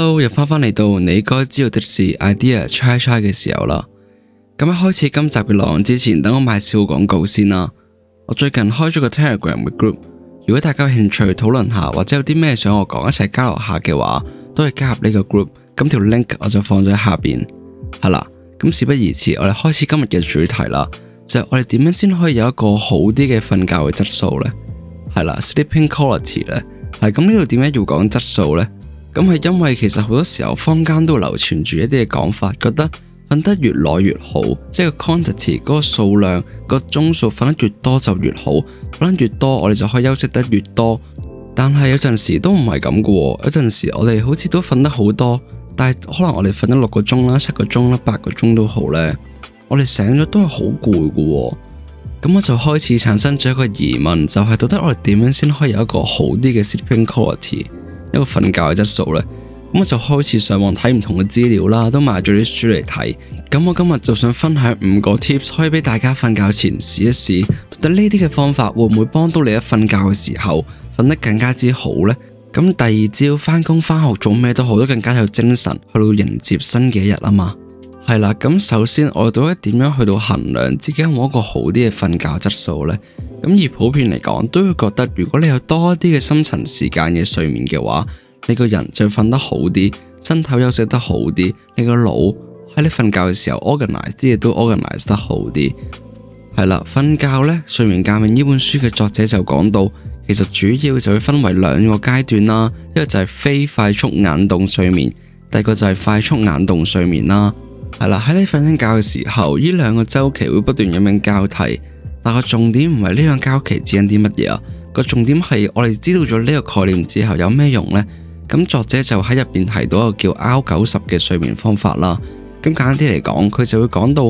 Hello，又翻返嚟到你該知道的事 idea try try 嘅時候啦。咁一開始今集嘅內容之前，等我賣少個廣告先啦。我最近開咗個 Telegram 嘅 group，如果大家有興趣討論下，或者有啲咩想我講一齊交流下嘅話，都係加入呢個 group。咁條 link 我就放咗喺下邊。係啦，咁事不宜遲，我哋開始今日嘅主題啦。就係我哋點樣先可以有一個好啲嘅瞓覺嘅質素呢？係啦，sleeping quality 呢？係咁呢度點解要講質素呢？咁係因為其實好多時候坊間都流傳住一啲嘅講法，覺得瞓得越耐越好，即係個 quantity 嗰個數量、個鐘數瞓得越多就越好。瞓得越多，我哋就可以休息得越多。但係有陣時都唔係咁嘅喎，有陣時我哋好似都瞓得好多，但係可能我哋瞓咗六個鐘啦、七個鐘啦、八個鐘都好咧，我哋醒咗都係好攰嘅喎。咁我就開始產生咗一個疑問，就係到底我哋點樣先可以有一個好啲嘅 sleeping quality？一個瞓覺嘅質素咧，咁我就開始上網睇唔同嘅資料啦，都買咗啲書嚟睇。咁我今日就想分享五個 tips，可以俾大家瞓覺前試一試，覺得呢啲嘅方法會唔會幫到你喺瞓覺嘅時候瞓得更加之好咧？咁第二朝翻工翻學做咩都好，都更加有精神去到迎接新嘅一日啊嘛。係啦，咁首先我哋到底點樣去到衡量自己有冇一個好啲嘅瞓覺質素咧？咁而普遍嚟講，都會覺得如果你有多一啲嘅深層時間嘅睡眠嘅話，你個人就瞓得好啲，身體休息得好啲，你個腦喺你瞓覺嘅時候 organize 啲嘢，都 organize 得好啲。係啦，瞓覺呢，睡眠革命呢本書嘅作者就講到，其實主要就會分為兩個階段啦，一個就係非快速眼動睡眠，第二個就係快速眼動睡眠啦。係啦，喺你瞓醒覺嘅時候，呢兩個周期會不斷咁樣交替。但係個重點唔係呢樣交期指緊啲乜嘢啊？個重點係我哋知道咗呢個概念之後有咩用呢？咁作者就喺入邊提到一個叫 R 九十嘅睡眠方法啦。咁簡單啲嚟講，佢就會講到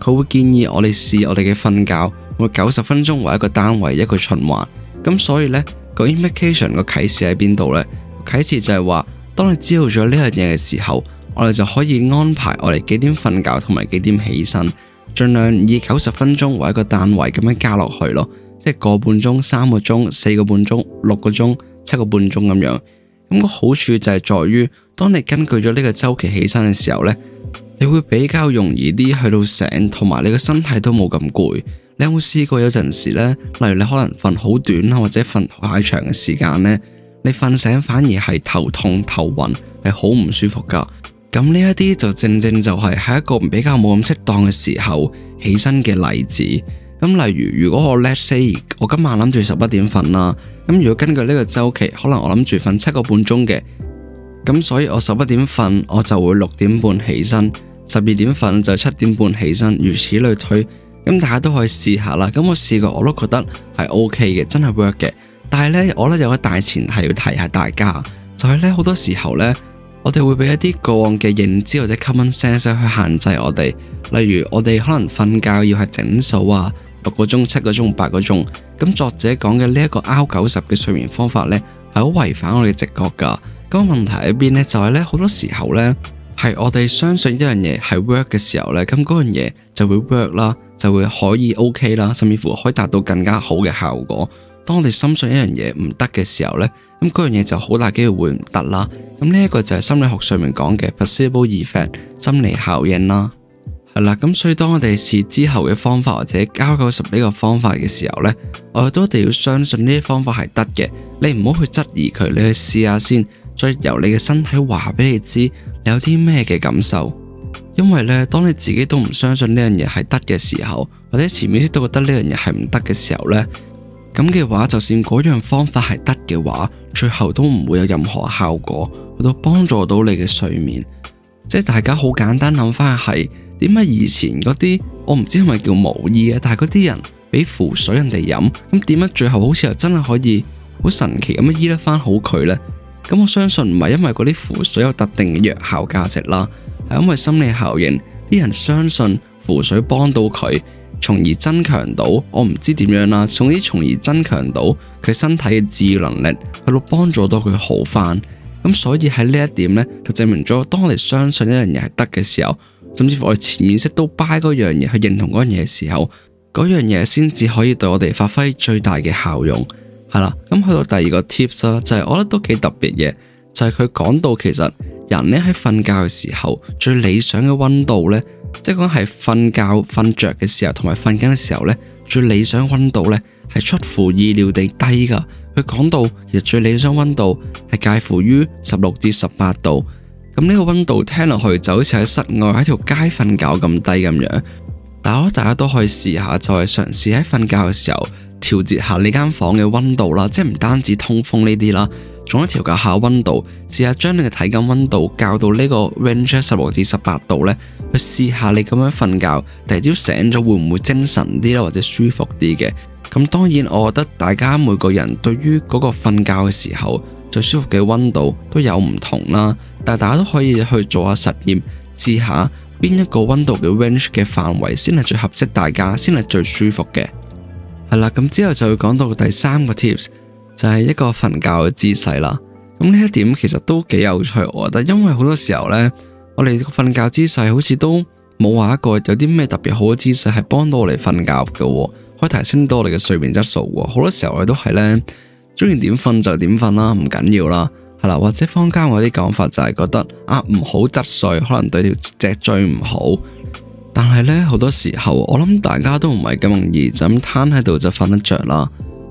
佢會建議我哋試我哋嘅瞓覺，用九十分鐘為一個單位，一個循環。咁所以呢，個 imagination 個啟示喺邊度呢？啟示就係話，當你知道咗呢樣嘢嘅時候，我哋就可以安排我哋幾點瞓覺同埋幾點起身。盡量以九十分鐘為一個單位咁樣加落去咯，即係個半鐘、三個鐘、四個半鐘、六個鐘、七個半鐘咁樣。咁個好處就係在於，當你根據咗呢個周期起身嘅時候呢，你會比較容易啲去到醒，同埋你個身體都冇咁攰。你有冇試過有陣時呢？例如你可能瞓好短啊，或者瞓太長嘅時間呢，你瞓醒反而係頭痛、頭暈，係好唔舒服㗎。咁呢一啲就正正就係喺一個唔比較冇咁適當嘅時候起身嘅例子。咁例如，如果我 let’s say 我今晚諗住十一點瞓啦，咁如果根據呢個周期，可能我諗住瞓七個半鐘嘅。咁所以，我十一點瞓，我就會六點半起身；十二點瞓就七點半起身，如此類推。咁大家都可以試下啦。咁我試過，我都覺得係 OK 嘅，真係 work 嘅。但係呢，我呢有個大前提要提下大家，就係呢好多時候呢。我哋會俾一啲過往嘅認知或者 common sense 去限制我哋，例如我哋可能瞓覺要係整數啊，六個鐘、七個鐘、八個鐘。咁作者講嘅呢一個 R 九十嘅睡眠方法呢，係好違反我哋直覺噶。咁問題喺邊呢？就係呢，好多時候呢，係我哋相信一樣嘢係 work 嘅時候呢，咁嗰樣嘢就會 work 啦，就會可以 OK 啦，甚至乎可以達到更加好嘅效果。當我哋深信一樣嘢唔得嘅時候呢，咁嗰樣嘢就好大機會會唔得啦。咁呢一個就係心理學上面講嘅 perceivable effect 心理效應啦，係啦。咁所以當我哋試之後嘅方法或者交夠十幾個方法嘅時候呢，我哋都一定要相信呢啲方法係得嘅。你唔好去質疑佢，你去試下先，再由你嘅身體話俾你知你有啲咩嘅感受。因為呢，當你自己都唔相信呢樣嘢係得嘅時候，或者潛意識都覺得呢樣嘢係唔得嘅時候呢。咁嘅話，就算嗰樣方法係得嘅話，最後都唔會有任何效果去到幫助到你嘅睡眠。即係大家好簡單諗翻係點解以前嗰啲，我唔知係咪叫巫醫嘅，但係嗰啲人俾符水人哋飲，咁點解最後好似又真係可以好神奇咁樣醫得翻好佢呢？咁我相信唔係因為嗰啲符水有特定嘅藥效價值啦，係因為心理效應，啲人相信符水幫到佢。從而增強到我唔知點樣啦，總之從而增強到佢身體嘅治癒能力，去到幫助到佢好翻。咁所以喺呢一點呢，就證明咗當我哋相信一樣嘢係得嘅時候，甚至乎我哋潛意識都 buy 嗰樣嘢去認同嗰樣嘢嘅時候，嗰樣嘢先至可以對我哋發揮最大嘅效用，係啦。咁去到第二個 tips 啦，就係、是、我覺得都幾特別嘅，就係佢講到其實。人咧，喺瞓覺嘅時候，最理想嘅溫度呢，即係講係瞓覺、瞓着嘅時候，同埋瞓緊嘅時候呢，最理想溫度呢係出乎意料地低噶。佢講到，其實最理想溫度係介乎於十六至十八度。咁呢個溫度聽落去就好似喺室外喺條街瞓覺咁低咁樣。但我大家都可以試下，就係嘗試喺瞓覺嘅時候。調節下呢間房嘅溫度啦，即係唔單止通風呢啲啦，仲可以調校下溫度，試下將你嘅體感溫度校到呢個 range 十六至十八度呢，去試下你咁樣瞓覺，第二朝醒咗會唔會精神啲啦，或者舒服啲嘅？咁當然，我覺得大家每個人對於嗰個瞓覺嘅時候最舒服嘅溫度都有唔同啦，但係大家都可以去做下實驗，試下邊一個溫度嘅 range 嘅範圍先係最合適大家，先係最舒服嘅。係啦，咁之後就會講到第三個 tips，就係一個瞓覺嘅姿勢啦。咁呢一點其實都幾有趣，我覺得，因為好多時候呢，我哋瞓覺姿勢好似都冇話一個有啲咩特別好嘅姿勢係幫到我哋瞓覺嘅，可以提升到我哋嘅睡眠質素。好多時候我哋都係呢，中意點瞓就點瞓啦，唔緊要啦，係啦，或者坊間有啲講法就係覺得啊，唔好側睡，可能對條脊椎唔好。但係咧，好多時候我諗大家都唔係咁容易，就咁攤喺度就瞓得着啦。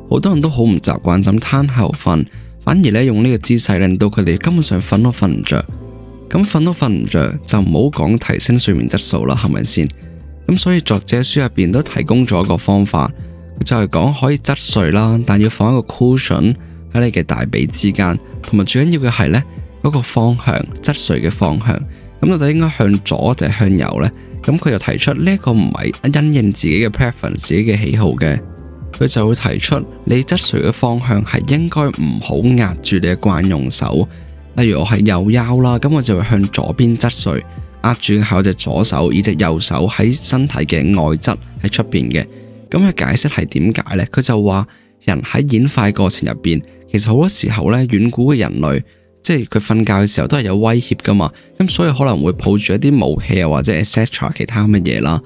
好多人都好唔習慣，就咁攤喺度瞓，反而咧用呢個姿勢令到佢哋根本上瞓都瞓唔着。咁瞓都瞓唔着，就唔好講提升睡眠質素啦，係咪先？咁所以作者書入邊都提供咗一個方法，就係、係、講可以側睡啦，但要放一個 cushion 喺你嘅大髀之間，同埋最緊要嘅係呢，嗰、嗰個方向，側睡嘅方向。咁到底應該向左定係向右呢？咁佢又提出呢一個唔係因應自己嘅 preference，自己嘅喜好嘅，佢就會提出你側睡嘅方向係應該唔好壓住你嘅慣用手。例如我係右腰啦，咁我就會向左邊側睡，壓住下隻左手，以隻右手喺身體嘅外側喺出邊嘅。咁佢解釋係點解呢？佢就話人喺演化過程入邊，其實好多時候呢，遠古嘅人類。即係佢瞓覺嘅時候都係有威脅噶嘛，咁所以可能會抱住一啲武器啊或者 etc 其他乜嘢啦。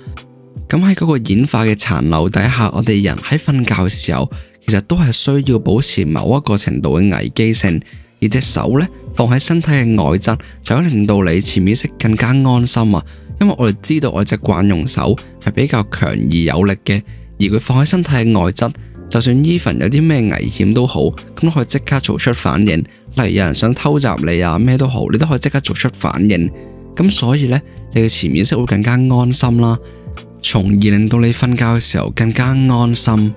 咁喺嗰個演化嘅殘留底下，我哋人喺瞓覺嘅時候，其實都係需要保持某一個程度嘅危機性。而隻手呢，放喺身體嘅外側，就可以令到你潛意識更加安心啊。因為我哋知道我隻慣用手係比較強而有力嘅，而佢放喺身體嘅外側，就算 even 有啲咩危險都好，咁都可以即刻做出反應。例如有人想偷襲你啊，咩都好，你都可以即刻做出反應。咁所以呢，你嘅潛意識會更加安心啦，從而令到你瞓覺嘅時候更加安心。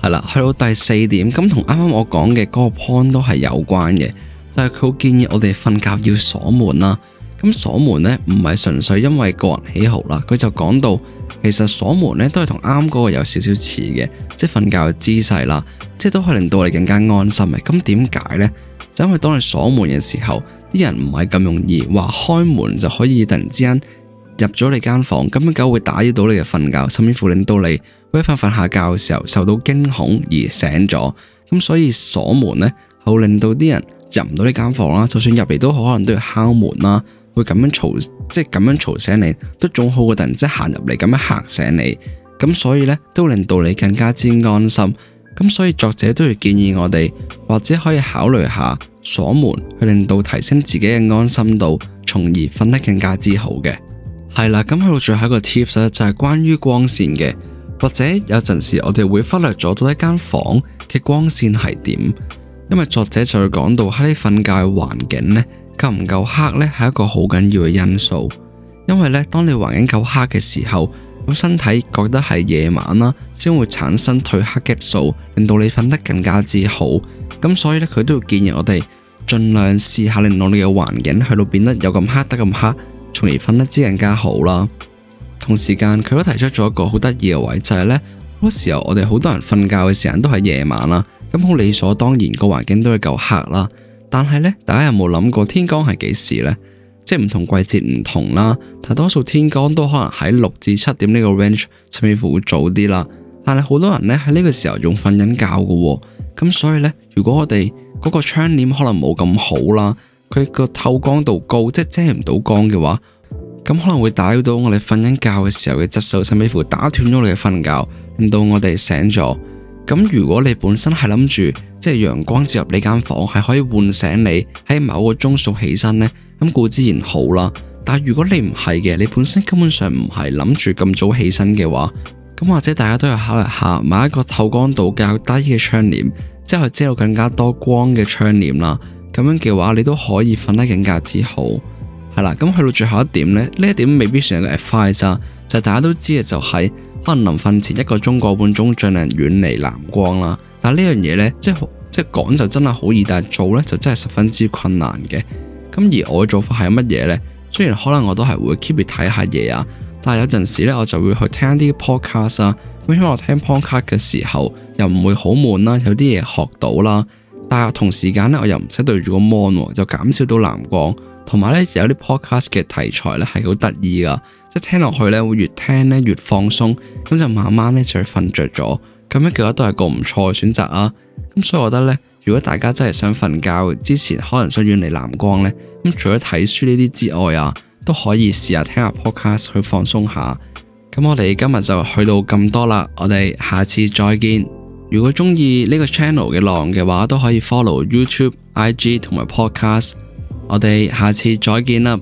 係啦，去到第四點，咁同啱啱我講嘅嗰個 point 都係有關嘅，就係佢好建議我哋瞓覺要鎖門啦。咁鎖門呢，唔係純粹因為個人喜好啦，佢就講到其實鎖門呢，都係同啱嗰個有少少似嘅，即係瞓覺嘅姿勢啦，即係都可以令到你更加安心嘅。咁點解呢？因為當你鎖門嘅時候，啲人唔係咁容易話開門就可以突然之間入咗你間房，咁樣就會打擾到你嘅瞓覺，甚至乎令到你喺瞓瞓下覺嘅時候受到驚恐而醒咗。咁所以鎖門呢，好令到啲人入唔到呢間房啦。就算入嚟都好，可能都要敲門啦，會咁樣嘈，即係咁樣嘈醒你，都仲好過突然之間行入嚟咁樣嚇醒你。咁所以呢，都令到你更加之安心。咁所以作者都要建議我哋，或者可以考慮下。鎖門去令到提升自己嘅安心度，從而瞓得更加之好嘅。係啦，咁去到最後一個 tips 就係關於光線嘅，或者有陣時我哋會忽略咗到一間房嘅光線係點，因為作者就會講到喺你瞓覺嘅環境呢，夠唔夠黑呢係一個好緊要嘅因素。因為呢，當你環境夠黑嘅時候，咁身體覺得係夜晚啦，先會產生褪黑激素，令到你瞓得更加之好。咁所以呢，佢都要建議我哋。盡量試下令我哋嘅環境喺度變得有咁黑得咁黑，從而瞓得之更加好啦。同時間佢都提出咗一個好得意嘅位，就係呢，好多時候我哋好多人瞓覺嘅時間都喺夜晚啦，咁好理所當然個環境都係夠黑啦。但係呢，大家有冇諗過天光係幾時呢？即係唔同季節唔同啦，大多數天光都可能喺六至七點呢個 range，甚至乎會早啲啦。但係好多人呢，喺呢個時候仲瞓緊覺噶，咁所以呢，如果我哋嗰個窗簾可能冇咁好啦，佢個透光度高，即係遮唔到光嘅話，咁可能會打擾到我哋瞓緊覺嘅時候嘅質素，甚至乎打斷咗你嘅瞓覺，令到我哋醒咗。咁如果你本身係諗住即係陽光照入呢間房係可以喚醒你喺某個鐘數起身呢，咁固然好啦。但如果你唔係嘅，你本身根本上唔係諗住咁早起身嘅話，咁或者大家都要考慮下買一個透光度較低嘅窗簾。即係遮到更加多光嘅窗簾啦，咁樣嘅話你都可以瞓得更加之好，係啦。咁去到最後一點呢，呢一點未必算係個 advice 就係大家都知嘅，就係、是、可能臨瞓前一個鐘個半鐘盡量遠離藍光啦。但係呢樣嘢呢，即係即係講就真係好易，但係做呢就真係十分之困難嘅。咁而我嘅做法係乜嘢呢？雖然可能我都係會 keep 住睇下嘢啊。但有陣時咧，我就會去聽啲 podcast 啊。咁希望我聽 podcast 嘅時候又唔會好悶啦，有啲嘢學到啦。但係同時間咧，我又唔使對住個 mon，就減少到藍光。同埋咧，有啲 podcast 嘅題材咧係好得意噶，即係聽落去咧會越聽咧越放鬆。咁就慢慢咧就瞓着咗。咁樣嘅話都係個唔錯嘅選擇啊。咁所以我覺得咧，如果大家真係想瞓覺之前，可能想遠離藍光咧，咁除咗睇書呢啲之外啊。都可以試下聽下 podcast 去放鬆下，咁我哋今日就去到咁多啦，我哋下次再見。如果中意呢個 channel 嘅浪嘅話，都可以 follow YouTube、IG 同埋 podcast。我哋下次再見啦。